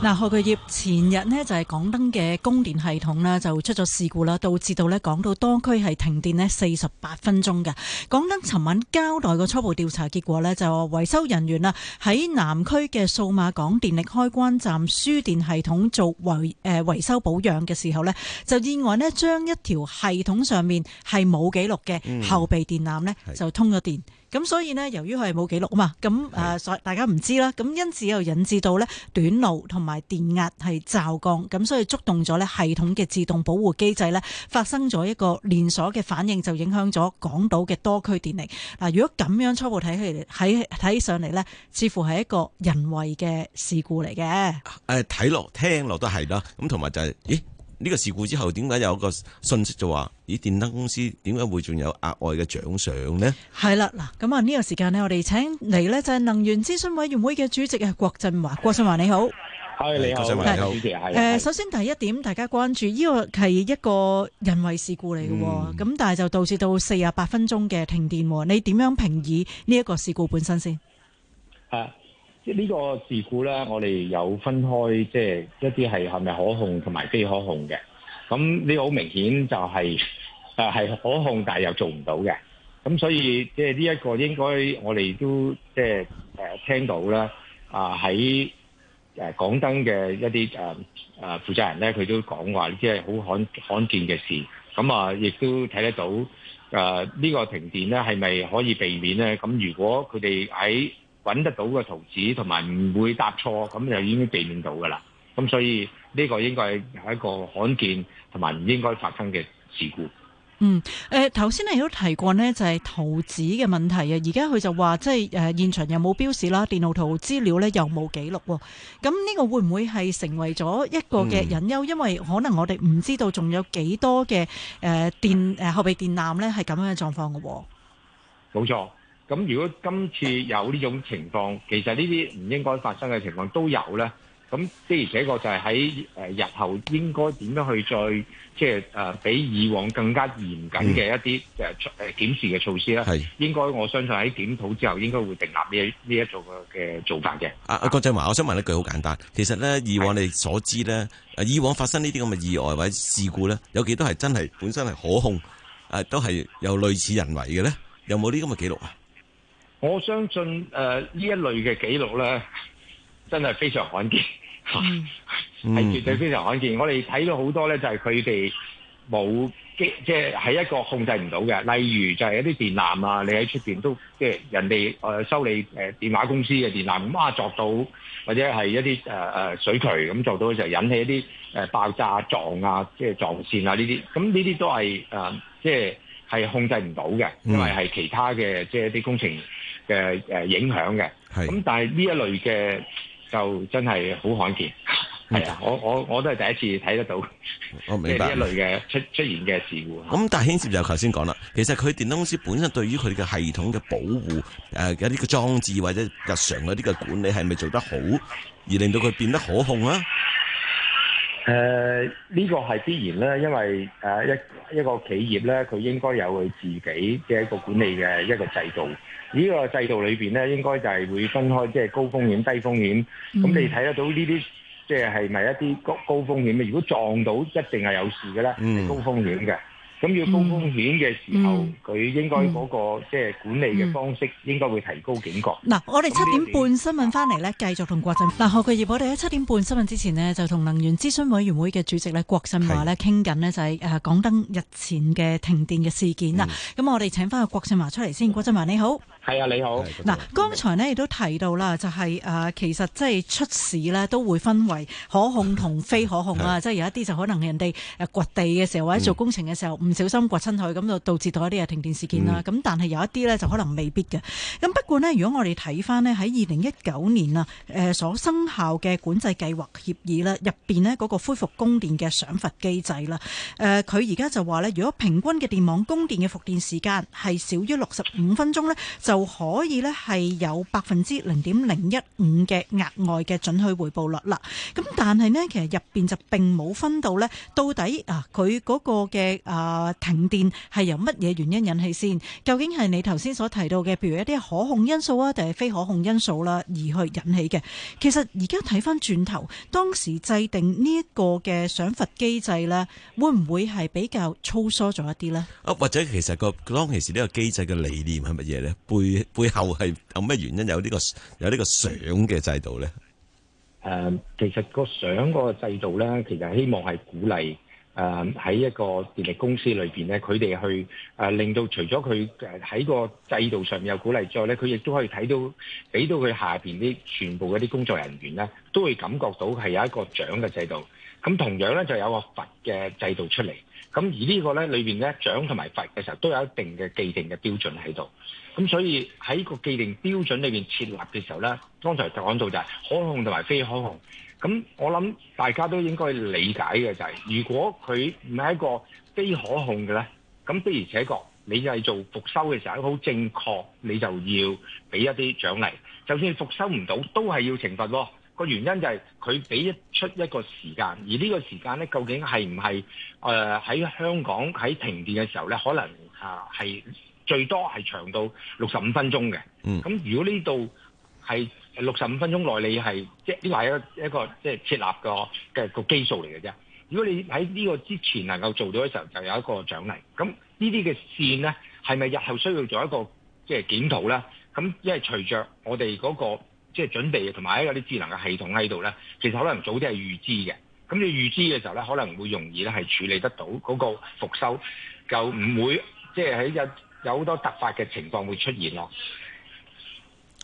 嗱，何巨業前日咧就係港燈嘅供電系統啦，就出咗事故啦，導致到咧港島多區係停電咧四十八分鐘嘅。港燈尋晚交代個初步調查結果咧，就話維修人員啊喺南區嘅數碼港電力開關站輸電系統做維誒維修保養嘅時候咧，就意外咧將一條系統上面係冇記錄嘅後備電纜咧就通咗電。嗯咁所以呢，由於佢係冇記錄啊嘛，咁誒，所以大家唔知啦。咁因此又引致到呢短路同埋電壓係驟降，咁所以觸動咗呢系統嘅自動保護機制呢發生咗一個連鎖嘅反應，就影響咗港島嘅多區電力。嗱，如果咁樣初步睇起嚟，睇睇起上嚟呢，似乎係一個人為嘅事故嚟嘅。誒，睇落聽落都係啦。咁同埋就係、是，咦？呢個事故之後，點解有一個信息，就話，咦，電燈公司點解會仲有額外嘅獎賞呢？係啦，嗱，咁啊，呢個時間呢，我哋請嚟呢就係能源諮詢委員會嘅主席啊，郭振華。郭振華你好，你好，你好郭振華你好，誒的，首先第一點，大家關注呢個係一個人為事故嚟嘅，哦，咁，嗯，但係就導致到四十八分鐘嘅停電。你點樣評議呢一個事故本身先？啊。呢個事故咧，我哋有分開，即係一啲係係咪可控同埋非可控嘅。咁呢個好明顯就係係可控，但係又做唔到嘅。咁所以即係呢一個應該我哋都即係誒聽到啦。啊喺誒港燈嘅一啲誒誒負責人咧，佢都講話，即係好罕罕見嘅事。咁啊，亦都睇得到誒呢個停電咧，係咪可以避免咧？咁如果佢哋喺搵得到嘅圖紙同埋唔會答錯，咁就已經避免到噶啦。咁所以呢個應該係一個罕見同埋唔應該發生嘅事故。嗯，誒頭先你都提過咧，就係圖紙嘅問題啊。而家佢就話，即係誒現場又冇標示啦，電腦圖資料咧又冇記錄。咁呢個會唔會係成為咗一個嘅隱憂？因為可能我哋唔知道仲有幾多嘅誒電誒後備電纜咧係咁樣嘅狀況噶喎。冇錯。咁如果今次有呢種情況，其實呢啲唔應該發生嘅情況都有咧。咁的而且確就係喺日後應該點樣去再即係誒比以往更加嚴謹嘅一啲誒誒檢視嘅措施咧。係、嗯、應該我相信喺檢討之後應該會定立呢呢一種嘅嘅做法嘅。啊啊郭振華，我想問一句好簡單。其實咧以往你所知咧，是的 以往發生呢啲咁嘅意外或者事故咧，有幾多係真係本身係可控？誒都係有類似人為嘅咧？有冇呢咁嘅記錄啊？我相信誒呢、呃、一類嘅記錄咧，真係非常罕見，係、mm. 絕對非常罕見。Mm. 我哋睇到好多咧，就係佢哋冇即係係一個控制唔到嘅。例如就係一啲電纜啊，你喺出邊都即係、就是、人哋誒修理電話公司嘅電纜，咁啊作到或者係一啲、呃、水渠咁作到嘅時候，就引起一啲爆炸撞啊，即、就、係、是、撞線啊呢啲。咁呢啲都係即係係控制唔到嘅，因為係其他嘅即係一啲工程，嘅影響嘅，咁係但係呢一類嘅就真係好罕見，啊、嗯，我我我都係第一次睇得到，呢一呢類嘅出出現嘅事故。咁、嗯、但係牽涉就頭先講啦，其實佢電燈公司本身對於佢嘅系統嘅保護，誒有啲嘅裝置或者日常嗰啲嘅管理係咪做得好，而令到佢變得可控啊？誒呢個係必然咧，因為誒一一個企業咧，佢應該有佢自己嘅一個管理嘅一個制度。呢個制度裏邊咧，應該就係會分開，即係高風險、低風險。咁你睇得到呢啲，即係係咪一啲高高風險嘅？如果撞到，一定係有事嘅咧，係高風險嘅。咁、嗯嗯嗯、要高風險嘅時候，佢應該嗰、那個即係、就是、管理嘅方式應該會提高警覺。嗱，我哋七點半新聞翻嚟呢，啊、繼續同郭振華。嗱、啊，何桂兒，我哋喺七點半新聞之前呢，就同能源諮詢委員會嘅主席呢郭振華呢傾緊是呢，就係誒港燈日前嘅停電嘅事件啦咁是、嗯啊、我哋請翻阿郭振華出嚟先。郭振華你好。係啊，你好。嗱、啊，剛才呢亦都提到啦，就係、是、誒、啊、其實即係出事呢，都會分為可控同非可控是啊。即、就、係、是、有一啲就可能人哋誒掘地嘅時候、嗯、或者做工程嘅時候。唔小心掘親佢，咁就導致到一啲嘅停電事件啦。咁、嗯、但係有一啲呢，就可能未必嘅。咁不過呢，如果我哋睇翻呢，喺二零一九年啊，誒、呃、所生效嘅管制計劃協議咧入邊呢嗰、那個恢復供電嘅賞罰機制啦，誒佢而家就話呢，如果平均嘅電網供電嘅復電時間係少於六十五分鐘呢，就可以呢係有百分之零點零一五嘅額外嘅準許回報率啦。咁但係呢，其實入邊就並冇分到呢，到底啊佢嗰個嘅啊。啊！停電係由乜嘢原因引起先？究竟係你頭先所提到嘅，譬如一啲可控因素啊，定係非可控因素啦，而去引起嘅。其實而家睇翻轉頭，當時制定呢一個嘅賞罰機制呢，會唔會係比較粗疏咗一啲呢？或者其實個當其時呢個機制嘅理念係乜嘢呢？背背後係有咩原因有呢個有呢個賞嘅制度呢？誒，其實個賞嗰個制度呢，其實希望係鼓勵。誒喺一個電力公司裏面，咧，佢哋去誒令到除咗佢誒喺個制度上面有鼓勵之外咧，佢亦都可以睇到畀到佢下面啲全部嗰啲工作人員咧，都會感覺到係有一個獎嘅制度。咁同樣咧就有個罰嘅制度出嚟。咁而呢個咧裏面咧獎同埋罰嘅時候都有一定嘅既定嘅標準喺度。咁所以喺個既定標準裏面設立嘅時候咧，剛才就講到就係可控同埋非可控。咁我諗大家都應該理解嘅就係、是，如果佢唔係一個非可控嘅呢，咁不如此確，你係做復修嘅時候好正確，你就要俾一啲獎勵。就算你復修唔到，都係要懲罰囉。個原因就係佢俾出一個時間，而呢個時間呢，究竟係唔係誒喺香港喺停電嘅時候呢？可能係、啊、最多係長到六十五分鐘嘅。咁、嗯、如果呢度？係六十五分鐘內是，你係即係呢個一個即係設立個嘅個基數嚟嘅啫。如果你喺呢個之前能夠做到嘅時候，就有一個獎勵。咁呢啲嘅線咧，係咪日後需要做一個即係檢討咧？咁因為隨着我哋嗰個即係準備同埋一啲智能嘅系統喺度咧，其實可能早啲係預知嘅。咁你預知嘅時候咧，可能會容易咧係處理得到嗰個復修，就唔會即係喺日有好多突發嘅情況會出現咯。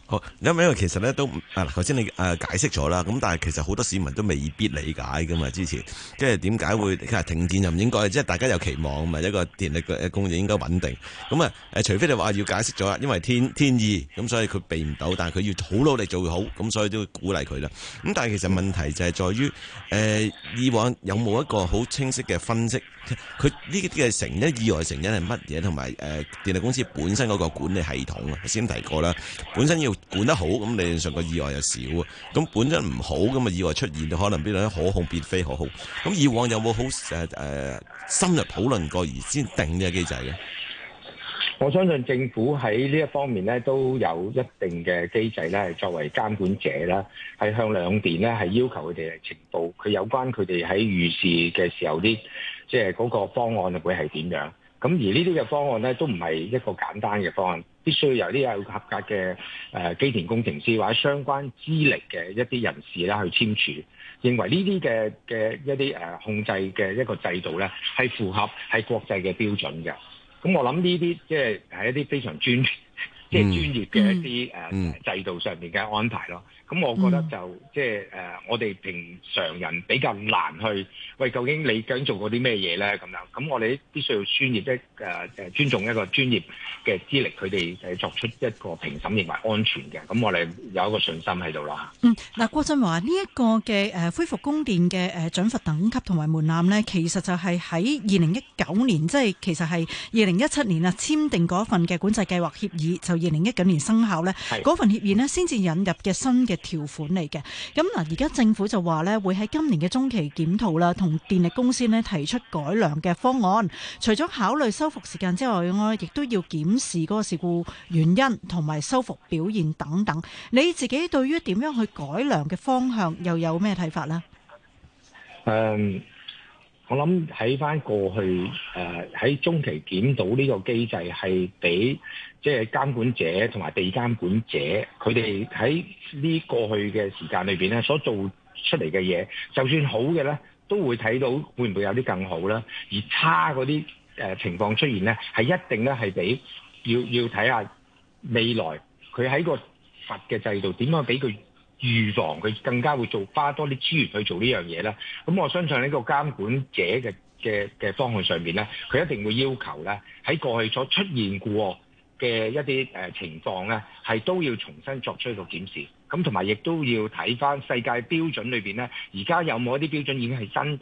好，因因為其實咧都啊，頭先你誒解釋咗啦，咁但係其實好多市民都未必理解噶嘛，之前即係點解會其實停電又唔應該，即係大家有期望嘛，咪一個電力嘅供應應該穩定，咁啊誒，除非你話要解釋咗，因為天天意，咁所以佢避唔到，但係佢要好努力做好，咁所以都要鼓勵佢啦。咁但係其實問題就係在於誒、呃，以往有冇一個好清晰嘅分析，佢呢啲嘅成因、意外成因係乜嘢，同埋誒電力公司本身嗰個管理系統啊，我先提過啦，本身要。管得好咁，理論上個意外又少啊！咁管得唔好，咁啊意外出現就可能邊度，啲可控變非可控。咁以往有冇好誒誒深入討論過而先定個呢個機制嘅？我相信政府喺呢一方面咧都有一定嘅機制咧，係作為監管者啦，係向兩電咧係要求佢哋係情報，佢有關佢哋喺預示嘅時候啲，即係嗰個方案會係點樣，咁而呢啲嘅方案咧都唔係一個簡單嘅方案。必須要有啲有合格嘅誒機電工程師或者相關資歷嘅一啲人士啦去簽署，認為呢啲嘅嘅一啲誒控制嘅一個制度咧係符合係國際嘅標準嘅。咁我諗呢啲即係係一啲非常專即係、就是、專業嘅一啲誒制度上面嘅安排咯。咁、嗯、我覺得就即係誒，我哋平常人比較難去喂，究竟你究竟做過啲咩嘢咧，咁樣咁我哋必須要專業，即係誒誒尊重一個專業嘅資歷，佢哋就作出一個評審認為安全嘅。咁我哋有一個信心喺度啦。嗯，嗱，郭振華呢一個嘅誒、呃、恢復供電嘅誒賞罰等級同埋門檻咧，其實就係喺二零一九年，即係其實係二零一七年啊簽訂嗰份嘅管制計劃協議，就二零一九年生效咧。嗰是份協議咧先至引入嘅新嘅。條款嚟嘅，咁嗱，而家政府就話呢，會喺今年嘅中期檢討啦，同電力公司呢提出改良嘅方案。除咗考慮修復時間之外，我亦都要檢視嗰個事故原因同埋修復表現等等。你自己對於點樣去改良嘅方向又有咩睇法呢？誒。我諗喺翻過去，誒、呃、喺中期檢討呢個機制係俾即係監管者同埋被監管者，佢哋喺呢過去嘅時間裏面咧，所做出嚟嘅嘢，就算好嘅咧，都會睇到會唔會有啲更好啦。而差嗰啲、呃、情況出現咧，係一定咧係畀，要要睇下未來佢喺個罰嘅制度點樣俾佢。預防佢更加會做花多啲資源去做呢樣嘢啦。咁我相信呢個監管者嘅嘅嘅方案上面呢，佢一定會要求呢，喺過去所出現過嘅一啲誒情況呢，係都要重新作出一個檢視。咁同埋亦都要睇返世界標準裏面呢，呢而家有冇一啲標準已經係新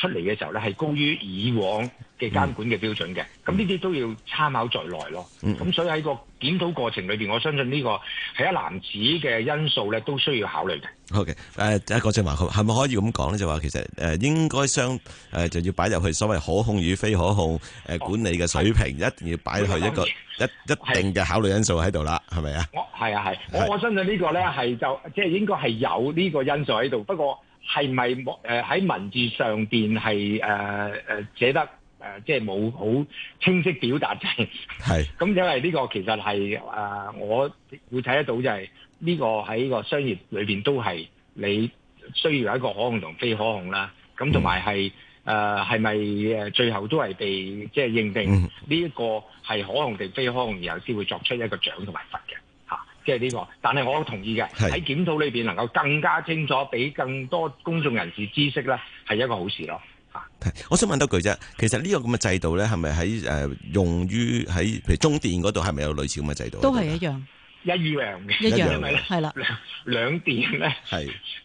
出嚟嘅時候呢，係高於以往嘅監管嘅標準嘅。嗯咁呢啲都要參考在內咯。咁所以喺個檢討過程裏面，我相信呢個係一籃子嘅因素咧，都需要考慮嘅。k、okay，嘅，誒，一個正話，係咪可以咁講咧？就話其實誒應該相誒就要擺入去所謂可控與非可控管理嘅水平，哦、一定要擺去一個一一定嘅考慮因素喺度啦，係咪啊？我係啊，係的。我的我，我相信呢個咧係就即係、就是、應該係有呢個因素喺度，不過係咪誒喺文字上面係誒誒寫得？即係冇好清晰表達就係，咁是因為呢個其實係誒、呃，我會睇得到就係呢個喺個商業裏面都係你需要一個可控同非可控啦。咁同埋係誒係咪最後都係被即係認定呢一、嗯、個係可控定非可控，然後先會作出一個獎同埋罰嘅吓。即係呢個，但係我同意嘅喺是檢討裏面能夠更加清楚，俾更多公眾人士知識呢，係一個好事咯。我想問多句啫，其實呢個咁嘅制度咧，係咪喺誒用於喺譬如中電嗰度，係咪有類似咁嘅制度？都係一樣，一樣嘅，一樣係咪咧？係啦，兩電咧，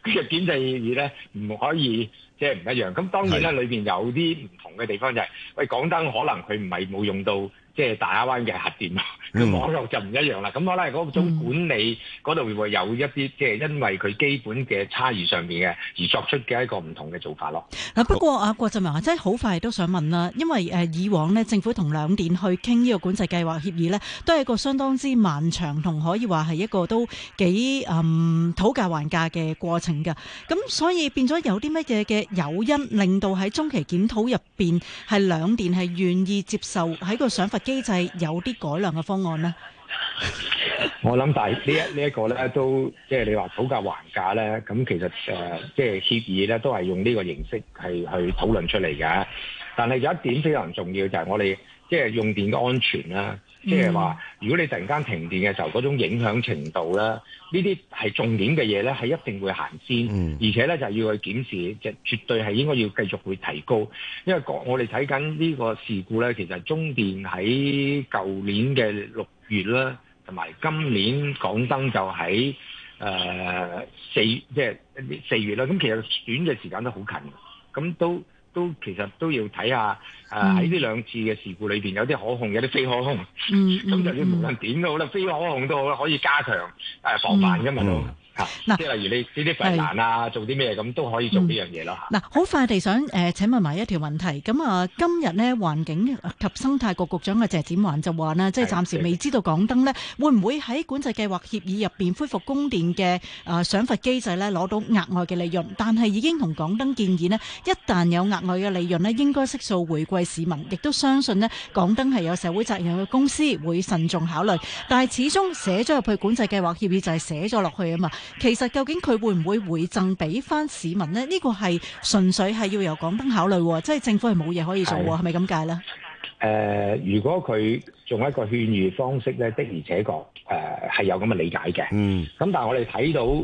嘅檢制意義咧唔可以即係唔一樣。咁當然咧，裏邊有啲唔同嘅地方就係，喂，講真可能佢唔係冇用到。即係大亞灣嘅核電，咯，個網絡就唔一樣啦。咁、嗯、可能嗰種管理嗰度會會有一啲，即係、嗯、因為佢基本嘅差異上面嘅，而作出嘅一個唔同嘅做法咯。嗱，不過阿好郭振華啊，真係好快都想問啦，因為誒、呃、以往咧，政府同兩電去傾呢個管制計劃協議咧，都係一個相當之漫長同可以話係一個都幾嗯討價還價嘅過程噶。咁所以變咗有啲乜嘢嘅誘因，令到喺中期檢討入邊，係兩電係願意接受喺個想法。機制有啲改良嘅方案咧， 我諗但係、這個、呢一呢一個咧都即係你話討價還價咧，咁其實誒、呃、即係協議咧都係用呢個形式係去討論出嚟嘅。但係有一點非常重要，就係、是、我哋即係用電嘅安全啦。即係話，如果你突然間停電嘅時候，嗰種影響程度呢，呢啲係重點嘅嘢咧，係一定會行先，而且咧就係要去檢視，即係絕對係應該要繼續去提高。因為我我哋睇緊呢個事故咧，其實中電喺舊年嘅六月啦，同埋今年港燈就喺誒四，即係四月啦。咁其實短嘅時間都好近，咁都。.都其實都要睇下，誒喺呢兩次嘅事故裏邊有啲可控，有啲非可控，咁、嗯、就算無論點都好啦，非可控都好啦，可以加強、啊、防範噶嘛。嗱，即係、啊、例如你呢啲避難啊，啊是做啲咩咁都可以做呢樣嘢咯。嗱、嗯，好、啊、快地想誒、呃，請問埋一條問題。咁、嗯、啊，今日呢環境、呃、及生態局局長嘅謝展寰就話呢即係暫時未知道港燈呢的會唔會喺管制計劃協議入邊恢復供電嘅誒賞罰機制呢攞到額外嘅利潤，但係已經同港燈建議呢，一旦有額外嘅利潤呢，應該悉數回饋市民。亦都相信呢，港燈係有社會責任嘅公司，會慎重考慮。但係始終寫咗入去管制計劃協議就係、是、寫咗落去啊嘛。其實究竟佢會唔會回贈俾翻市民咧？呢、這個係純粹係要由港燈考慮，即係政府係冇嘢可以做，係咪咁解咧？誒、呃，如果佢用一個勸喻方式咧，的而且確誒係有咁嘅理解嘅。嗯，咁但係我哋睇到誒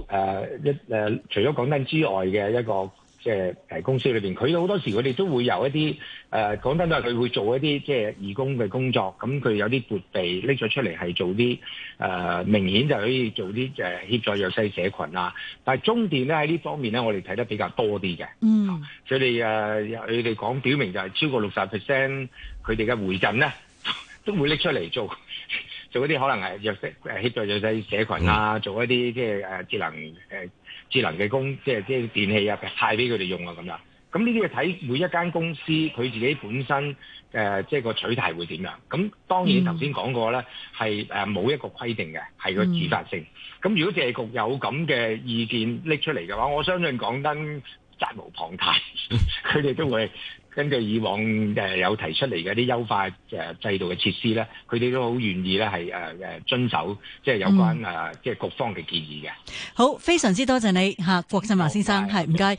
一、呃呃、除咗港燈之外嘅一個。即係誒公司裏邊，佢好多時佢哋都會有一啲誒、呃、講真都係佢會做一啲即係義工嘅工作，咁佢有啲撥備拎咗出嚟係做啲誒、呃、明顯就可以做啲誒、呃、協助弱勢社群啊。但係中電咧喺呢在這方面咧，我哋睇得比較多啲嘅。嗯，mm. 所以誒，佢哋講表明就係超過六十 percent 佢哋嘅回贈咧，都會拎出嚟做做一啲可能係弱勢誒協助弱勢社群啊，mm. 做一啲即係誒智能誒。呃智能嘅工，即係即係電器啊，派俾佢哋用啊，咁樣。咁呢啲係睇每一間公司佢自己本身，誒、呃，即係個取態會點樣。咁當然頭先講過咧，係誒冇一個規定嘅，係個自發性。咁、mm. 如果食局有咁嘅意見拎出嚟嘅話，我相信講真責無旁貸，佢哋都會。根據以往誒有提出嚟嘅啲優化誒制度嘅設施咧，佢哋都好願意咧，係誒誒遵守即係有關誒即係各方嘅建議嘅、嗯。好，非常之多謝你嚇，郭振華先生，係唔該。